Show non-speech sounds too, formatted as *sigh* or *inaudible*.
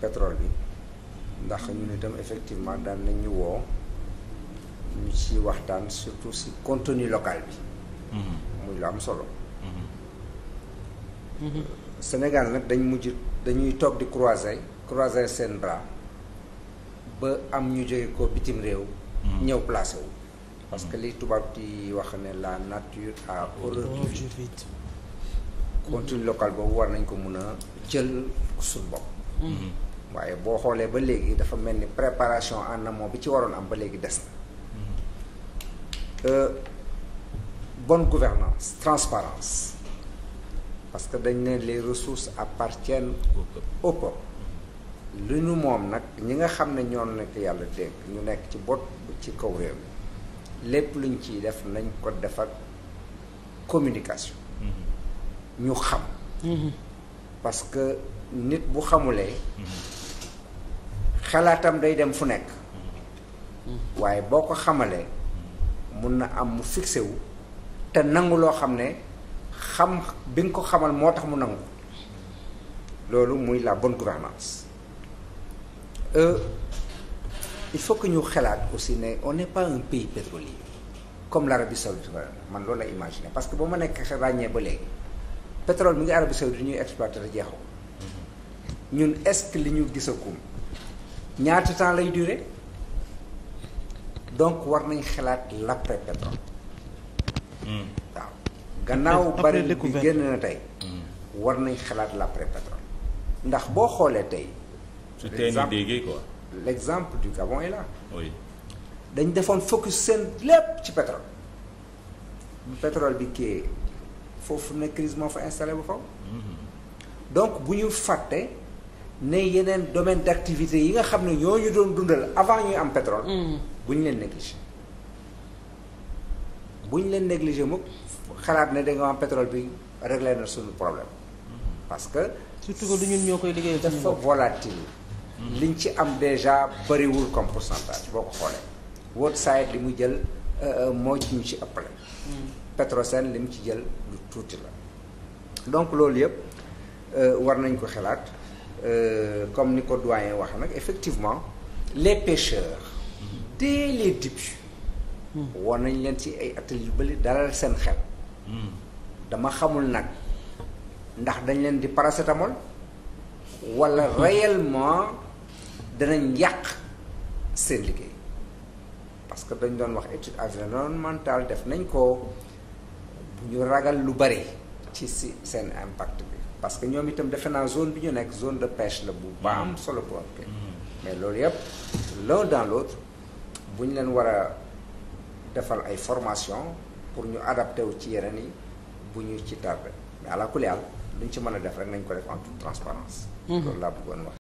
pétrole bi ndax ñu ñun itam effectivement daan nañ ñu woo ñu ci waxtaan surtout si contenu local bi. Mm-hmm. muy lu am solo. Mm-hmm. Mm-hmm. Euh, Sénégal nag dañ mujj dañuy toog di croiser croiser seen bras ba am ñu jóge ko bitim réew. ñëw placé parce que li tubaab di wax ne la nature a horreur du vide. contenu local boobu war nañ ko mun a jël suñu bopp. waaye boo xoolee ba léegi dafa mel ni préparation en amont bi ci waroon am ba léegi des na mm-hmm. euh, bonne gouvernance transparence parce que dañ ne les ressource appartiennent au peuple mm-hmm. lu ñu moom nag ñi nga xam ne ñoo nekk yàlla dégg ñu nekk ci bot ci kaw réew mi lépp luñ ci def nañ ko def communication mm-hmm. ñu xam parce que nit bu xamulee xalaatam day dem fu nekk waaye boo ko xamalee mun na am mu fixé wu te nangu loo xam ne xam bi nga ko xamal moo tax mu nangu loolu muy la bonne gouvernance euh, il faut que ñu xalaat aussi ne on n'est pas un pays pétrolier comme l'Arabie saoudite man loolu la imaginer parce que ma nekk ràññee ba léegi pétrole mi ngi Arabie saoudite ñuy exploité te jeexu ñun est-ce que li ñu gisagum ñaata temps lay durer donc war nañ xalaat l'après pétrole hmm. gannaaw baril bi génn na tey hmm. war nañ xalaat l'après pétrole ndax boo xoolee tey su tey ni déggee quoi l'exemple dañ defoon focus seen lépp ci pétrole pétrole bi kii foofu na crise moo fa installé ba faw hmm. donc bu ñu fàtte ne yeneen domaine d'activité yi nga xam ne ñoo ñu doon dundal avant ñuy am pétrole. Mm. bu ñu leen négligé. bu ñu leen négligé mukk xalaat ne da nga am pétrole bi réglé na suñu problème parce que. surtout que du ñun ñoo koy liggéey dafa volatile. Mm. liñ ci am déjà bëriwul comme pourcentage boo ko xoolee. World Side li mu jël euh, euh, moo ci ñu ci ëppale. Mm. Petrosen li mu ci jël lu tuuti la. donc loolu yëpp euh, war nañ ko xalaat. Euh, comme ni ko doyen wax nag effectivement les pêcheurs dès les débuts woon nañ leen ci ay ateliers yu bëri dalal seen xel dama xamul nag ndax dañ leen di paracétamol wala *laughs* réellement danañ yàq seen liggéey parce que dañ doon wax étude environnementale def nañ ko bu ñu ragal lu bëri ci seen impact bi parce que ñoom itam defe naa zone bi ñu nekk zone de pêche la bu ba am solo pour mm-hmm. mais loolu yëpp l'un dans l'autre bu ñu leen war a defal ay formation pour ñu adapté wu ci yeneen yi bu ñu ci tardé mais àla kuleyal lu ñu ci mën a def rek nañ ko def en tout transparence mm-hmm. loolu laa bëggoon wax